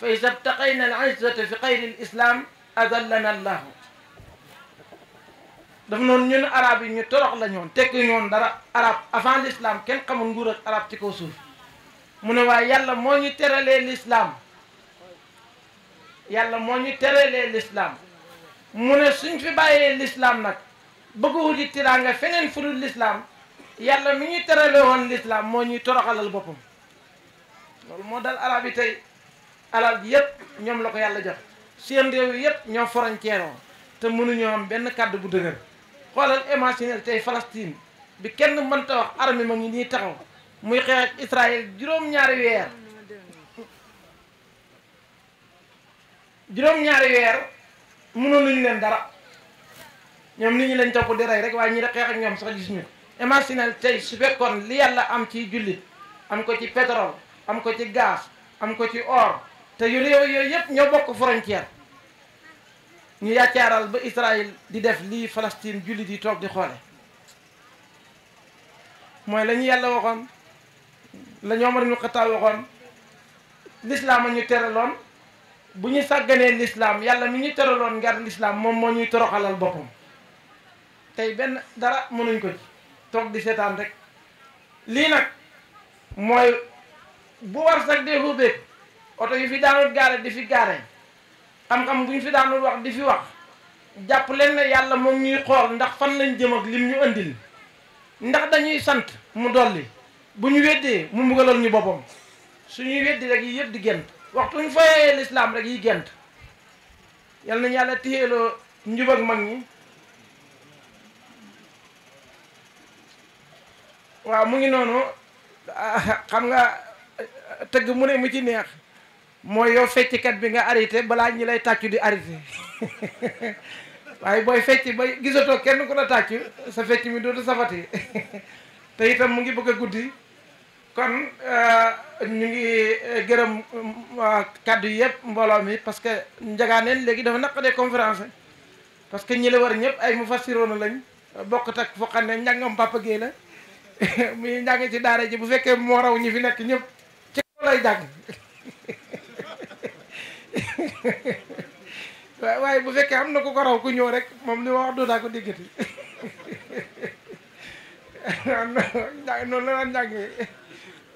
فإذا ابتقينا العزة في غير الإسلام أذلنا الله دفنون نيون عربي نيو طرق لنيون تكو نيون دارا عرب أفان الإسلام كن قمون غورك عرب تكو سوف منوا يالا مو نيو ترالي الإسلام يالا مو نيو ترالي الإسلام منو سنفي باي الإسلام نك بغو هدي تيرانغا فنين فرو الإسلام yalla mi ngi terele won l'islam mo ñuy toroxalal boppam loolu mo dal arab yi tay arab ji yépp ñom lako yalla jox seen réew yépp ñom frontière te mënu ñu am ben cadre bu dëgër xolal imaginer tay Palestine bi kenn mën ta wax armée ma ngi ni taxaw muy xex ak Israël juroom ñaari wër juroom ñaari wër mënu ñu leen dara ñom nit ñi lañ topu di ray rek way ñi da xex ak ñom sax gis ñu imaginal tey su fekkoon li yàlla am ci jullit am ko ci pétrole am ko ci gaas am ko ci or te yu réew yooyu yëpp ñoo bokk frontière ñu yàccaaral ba Israël di def lii Palestine jullit yi toog di xoole mooy la ñu yàlla waxoon la ñu Omar ñu Xattaab waxoon l'islam a ñu teraloon bu ñu sàgganee l'islam yàlla mi ñu teraloon ngar l'islam moom moo ñuy toroxalal boppam tey benn dara mënuñ ko ci toog di seetaan rek lii nag mooy bu war sax dee xuubeeg oto yi fi daanul gaare di fi gaare xam-xam bu ñu fi daanul wax di fi wax jàpp leen na yàlla moom ñuy xool ndax fan lañ jëm ak lim ñu andil ndax dañuy sant mu dolli bu ñu weddee mu mbugalal ñu boppam suñuy weddi rek yi yëpp di gént waxtu ñu fayee lislaam rek yi gént yal nañu yàlla téyeeloo njub ak mag ñi wa mu ngi nonu ah, xam nga teug mu ne mu ci neex yo fecc kat bi nga arrêté bala ñi lay taccu di arrêté waaye boy fecc ba gisoto kenn ku la taccu sa fecc mi dootu safati te itam mu ngi bëgg guddi kon ah, ñu ngi eh, gërëm mm, kàddu yi yëpp mbooloo mi parce que njagaaneen légui dafa naqadee conférence parce que ñi la war ñëpp ay mu lañ bokk tak foo xane ñangam papa Guèye muy njàng ci daara ji bu fekkee moo raw ñi fi nekk ñëpp ci lay jàng waaye bu fekkee am na ku ko raw ku ñëw rek moom li ma wax dootaa ko déggati noonu la daan jàngee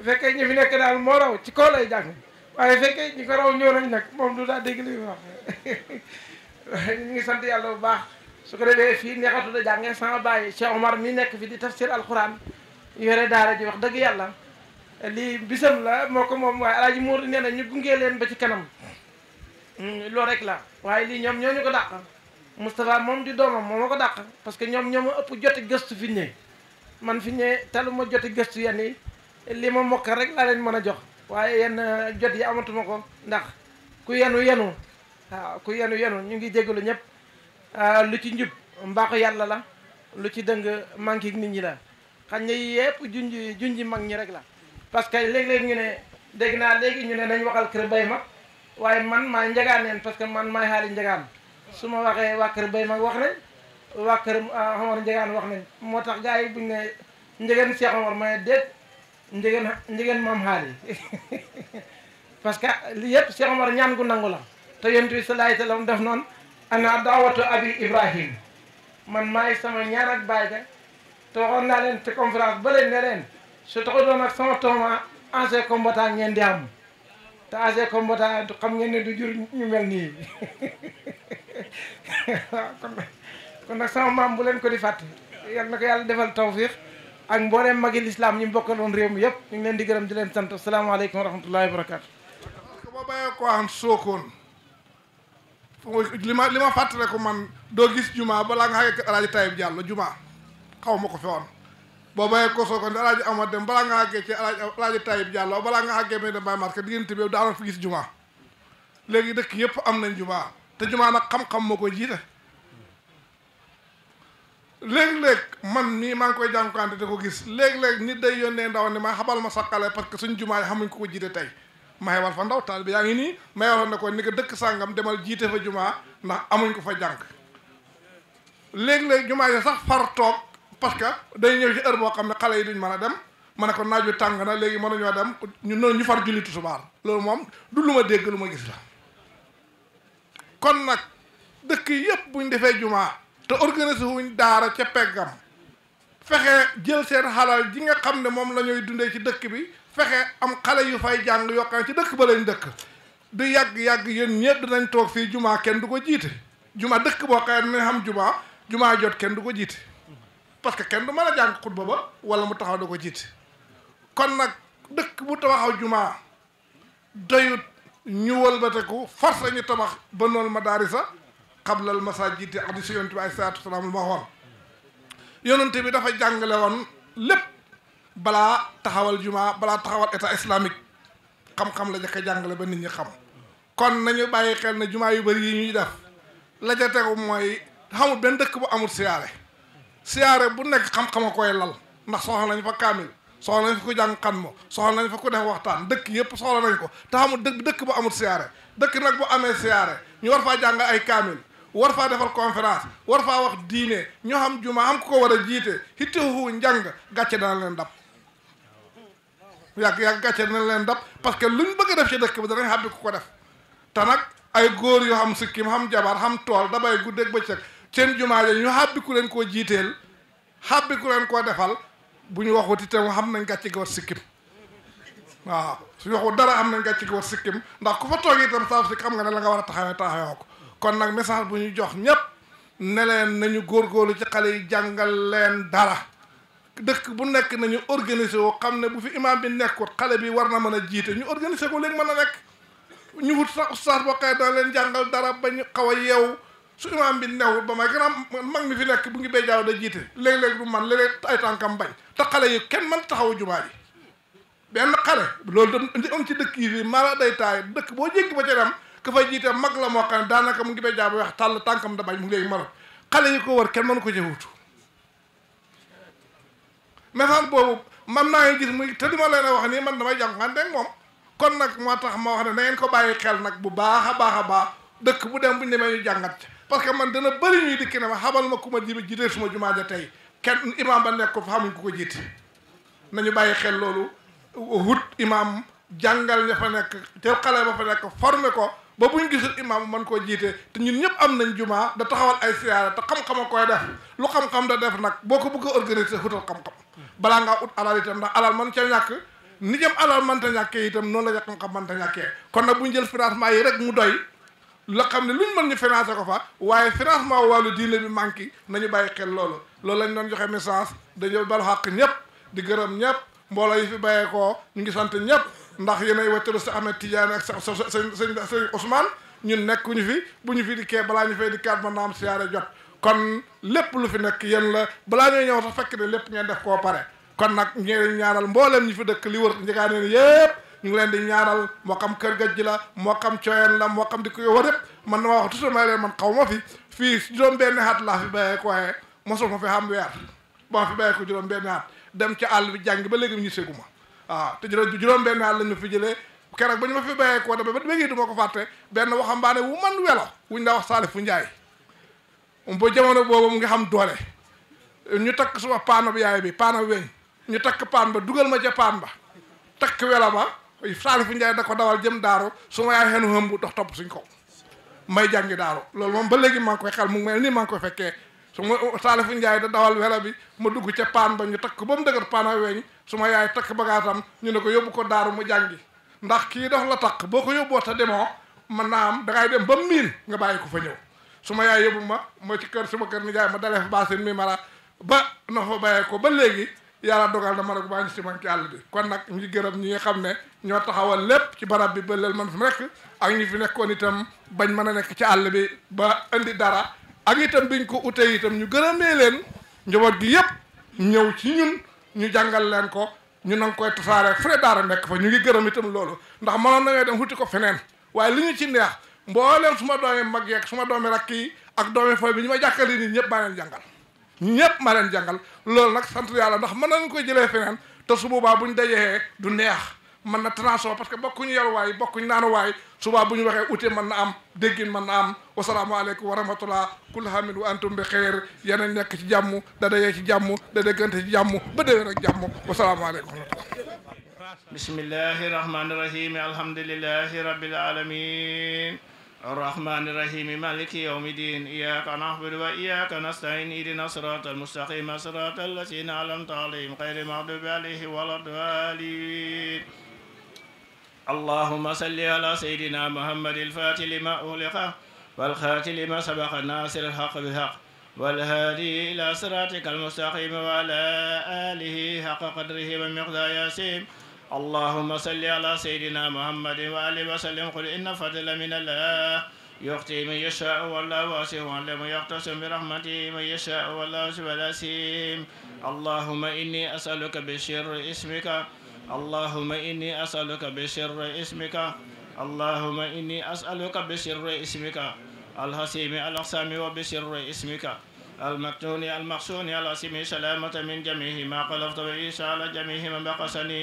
bu ñi fi nekk daal moo raw ci kaw jàng waaye fekkee ñi ko ñëw nañ nag moom du daa dégg li mu ñu ngi sant yàlla bu baax su ko defee fii neexatu da jàngee sama bàyyi Cheikh Omar mi nekk fi di tafsir alquran yore daara ji wax deug yalla li bisam la moko mom way aji mur neena ñu gungé len ba ci kanam hmm, lo rek la way li ñom ñoo ñu ko dàq Moustapha moom di doom mom ma dakk parce que ñom ñom ma ëpp jotté gëstu fi ñëwee man fi ñëwee taluma ma joti gëstu yani li mo mok rek la len mëna jox waye yenn uh, jot yi amatu mako ndax ku yenu yenu waaw ku yenu yenu ñu ngi jégalu ñep uh, lu ci ñub mbaaxu yalla la lu ci dëng manki nit ñi la xam ne yëpp junji junji mag ñi rek la parce que léeg ñu ne dégg naa léegi ñu ne nañ waxal kër bay mag waaye man maay njagaaneen parce que man maay xaali njagaan su ma waxee waa kër bay mag wax ne waa kër ah, Omar njagaan wax nañ moo tax gars yi buñ ne njegeen Cheikh Omar ma ne déet njegeen njegeen maam xaali parce que li yëpp Cheikh Omar ñaan gu nangu la te yonent bi sallallahu alayhi wa sallam def noonu ana daawatu abi ibrahim man maay sama ñaan ak baay ga te waxoon naa leen te conférence ba leen ne leen su taxu doon ak sama tooma ancien combattant ngeen di am te ancien combattant xam ngeen ne du jur ñu mel nii kon kon nag sama maam bu leen ko di fàtte yal na ko yàlla defal tawfiq ak mbooleem magi lislaam ñi mu bokkaloon réew mi yëpp ñu ngi di gërëm di leen sant asalaamaaleykum wa rahmatullahi wa barakaatu ko ba bàyyee ko am sookoon fu li ma li ma fàttale ko man doo gis juma balaa nga xagee alaaji Tayib Diallo juma xaw ma ko fi woon boo bayee ko soo ko ne alaaji amad dem balaa nga àggee ci balaa nga àggee may dem bay marqué diggante bi daanoon fi gis jumaa léegi dëkk yëpp am nañ jumaa te jumaa nag xam-xam moo koy léeg-léeg man mii maa ngi koy jànkuwante ko gis léeg-léeg nit day yónnee ndaw ne ma xabal ma sakkale parce que suñ jumaa yi xamuñ ko ko jiite tey ma xewal fa ndaw taal bi yaa ngi nii ma xewal ne ko ni ko dëkk sàngam demal jiite fa jumaa ndax amuñ ko fa jàng léeg-léeg jumaa sax far toog parce que day ñëw ci heure boo xam ne xale yi duñ mën a dem ma ne ko naaju tàng na léegi mënuñoo dem ñu noonu ñu far julli tusubaar loolu moom du lu ma dégg lu ma gis la kon nag dëkk yëpp buñ defee jumaa te organiser wuñ daara ca peggam fexe jël seen xalal ji nga xam ne moom lañuy dundee ci dëkk bi fexe am xale yu fay jàng yokkaan ci dëkk ba lañ dëkk du yàgg-yàgg yéen ñëpp dinañ toog fii jumaa kenn du ko jiite jumaa dëkk boo xam ne xam jumaa jumaa jot kenn du ko jiite parce que kenn du mën a jàng xutba ba wala mu taxaw da ko jiit kon nag dëkk bu tabaxaw jumaa doyut ñu wëlbateku force la ñu tabax ba noonu madaarisa xablal masaajid ak di si yonent bi ay salaatu salaam ma waxoon yonent bi dafa jàngale woon lépp balaa taxawal jumaa balaa taxawal état islamique xam-xam la jëkk jàngale ba nit ñi xam kon nañu bàyyi xel ne jumaa yu bari yi ñuy def la ca tegu mooy xamul benn dëkk bu amul siyaare siyaare bu nekk xam-xama koy lal ndax soxla nañ fa kaamil soxla nañ fa ku jàng xan mo soxla nañ fa def waxtaan dëkk yëpp soxla nañ ko te amul dëkk dëkk bu amul siyaare dëkk nag bu amee siyaare ñu war faa jàng ay kaamil war faa defal conférence war faa wax diine ñu xam juma am ko war a jiite hittihu njàng gàcce dana leen dab yàgg yàgg gàcce dana leen dab parce que luñ bëgg a def ci dëkk bi danañ xàbbi ku ko def te nag ay góor yoo xam sikkim xam jabar xam tool dabay guddeeg bëccëg seen jumaa ja ñu xàbbi leen koo jiiteel xàbbi ku leen koo defal bu ñu waxuti itam xam nañ gàcce gi war sikkim waaw su ñu waxu dara am nañ gàcce gi war sikkim ndax ku fa toog itam saaf si xam nga ne la nga war a taxawee taxawee ko kon nag message bu ñu jox ñëpp ne leen nañu góorgóorlu ci xale yi jàngal leen dara dëkk bu nekk nañu organiser woo xam ne bu fi imaam bi nekkut xale bi war na mën a jiite ñu organiser ko léegi mën a nekk ñu wut sax ustaas boo leen jàngal dara ba ñu xaw a yeew su imaam bi newul ba may ganaam mag mi fi nekk bu ngi béy jaaw da jiite léeg-léeg du man léeg-léeg ay tànkam bañ te xale yi kenn man taxawu jumaa ji benn xale loolu da di am ci dëkk yi fii maara day taay dëkk boo jéggi ba ca dem ka fay mag la moo xam daanaka mu ngi béy jaaw ba wax tàll tànkam da bañ mu ngi ma marot xale yi ko war kenn mënu ko ca wutu boobu man naa ngi gis muy te ma leen a wax nii man damay jànkuwanteeg moom kon nag moo tax ma wax ne na ngeen ko bàyyi xel nag bu baax a baax a baax dëkk bu dem bu ñu demee ñu jàngat parce que man dana bëri ñuy dikk ne ma xamal ma ku ma jiite suma jumaa ja tey kenn imaam ba nekk ko fa xamuñ ku ko jiite nañu bàyyi xel loolu wut imaam jàngal ña fa nekk te xale ba fa nekk formé ko ba buñ gisul imaam man koo jiite te ñun ñëpp am nañ jumaa da taxawal ay siyaara te xam-xama koy def lu xam-xam da def nag boo ko bëgg a hutal xam-xam balaa nga ut alal itam ndax alal man ca ñàkk ni jëm alal manta ñàkkee itam noonu la ñàkk xam-xam manta ñàkkee kon nag buñ jël financement yi rek mu doy la xam ne luñ mën ñu financé ko fa waaye financement wàllu diine bi manqué nañu bàyyi xel loolu loolu lañ doon joxe message dañu bal xàq ñëpp di gërëm ñëpp mbooloo yi fi bàyyeekoo ñu ngi sant ñëpp ndax yéenay wetteelu sa Ahmed Tidiane ak sa sa sëñ sëñ Ousmane ñun nekkuñu fi bu ñu fi dikkee balaa ñu fay dikkaat mën naa am siyaare jot kon lépp lu fi nekk yéen la balaa ñoo ñëw sax fekk ne lépp ngeen def koo pare kon nag ñee ñaanal mboolem ñi fi dëkk li wër njëgaaneen yépp ñu ngi leen di ñaanal moo xam kër gaj ji la moo xam cooyeen la moo xam di ko yow yëpp man na ma wax toujours may leen man xaw ma fi fii juróom benn at laa fi bàyyee ko waaye mosuma fi xam weer ba fi bàyyee ko juróom dem ca àll bi jàng ba léegi ñu seguma waaw te juróom benn at lañ ma fi jëlee keroog ba ñu ma fi bàyyee ko dama ba léegi du ma ko fàtte benn waxambaane wu man welo wuñ la wax Saalifu Njaay ba jamono boobu mu ngi xam doole ñu takk suma paano bi bi paano weñ ñu takk paan ba dugal ma ca paan ba takk wela ba Saalifu Njaay da ko dawal jëm daaru su ma yaay xenu hëmb dox topp suñ ko may jàngi daaru loolu moom ba léegi maa ngi koy mu mel nii maa ngi koy fekkee su ma Saalifu Njaay da dawal welo bi ma dugg ca paan ba ñu takk ba mu dëgër paan ay weñ su ma yaay takk bagaasam ñu ne ko yóbbu ko daaru mu jàngi ndax kii dox la takk boo ko yóbboo ta demoo man naa am dangay dem ba miin nga bàyyi ko fa ñëw su ma yaay yóbbu ma ma ci kër ma kër nijaay ma dalee fa baasin mi mara ba na fa bàyyee ko ba léegi yàlla dogal na ma ne ko baa ngi si man ci àll bi kon nag ñu gërëm ñu nga xam ne ñoo taxawal lépp ci barab bi ba leel man fi mu nekk ak ñi fi nekkoon itam bañ mën a nekk ci àll bi ba indi dara ak itam biñ ko utee itam ñu gërëmee leen njaboot gi yëpp ñëw ci ñun ñu jàngal leen ko ñu nang koy tasaare frais daara nekk fa ñu ngi gërëm itam loolu ndax mënoon na ngay dem xuti ko feneen waaye li ñu ci neex mbooleem su ma doomee mag yeeg su ma doomee rakk yi ak doomee fooy bi ñu ma jàkkali nii ñëpp baa jàngal ñëpp ma leen jàngal loolu nag sant yàlla ndax mën nañu koy jëlee feneen te su boobaa buñ dajee du neex mën na transo parce que bokkuñu yaruwaay bokkuñ naanuwaay subaa bu ñu waxee ute mën na am déggin mën na am wasalaamaaleykum wa rahmatullah kul hamid wa antum bi xeer yeneen nekk ci jàmm da dayee ci jàmm da déggante ci jàmm ba déwén ak jàmm wasalaamaaleykum bismillahi rahmani rahim alhamdulillahi rabbil alamin الرحمن الرحيم مالك يوم الدين إياك نعبد وإياك نستعين إهدنا الصراط المستقيم صراط الذين أنعمت عليهم غير المغضوب عليهم ولا الضالين اللهم صل على سيدنا محمد الفاتح لما أغلق والخاتم لما سبق الناصر الحق بالحق والهادي إلى صراطك المستقيم وعلى آله حق قدره ومقدار ياسين اللهم صل على سيدنا محمد وآله وسلم قل إن فضل من الله يؤتي من يشاء والله واسع وعلم يقتسم برحمته من يشاء والله واسع الأسيم اللهم إني أسألك بشر اسمك اللهم إني أسألك بشر اسمك اللهم إني أسألك بشر اسمك الحسيم الأقسام وبشر اسمك المكتون المخصون سمي سلامة من جميع ما قلفت وإيسى على جميع ما بقصني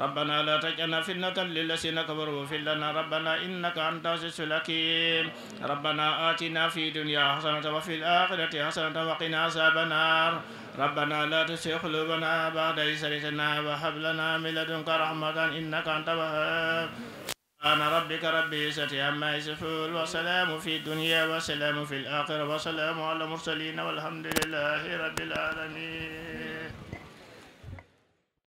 ربنا لا تجعلنا فتنة للذين كفروا في لنا ربنا إنك أنت العزيز الحكيم ربنا آتنا في الدنيا حسنة وفي الآخرة حسنة وقنا عذاب النار ربنا لا تسيء قلوبنا بعد إذ هديتنا وهب لنا من لدنك رحمة إنك أنت الوهاب سبحان ربك رب العزة عما يصفون وسلام في الدنيا وسلام في الآخرة وسلام على المرسلين والحمد لله رب العالمين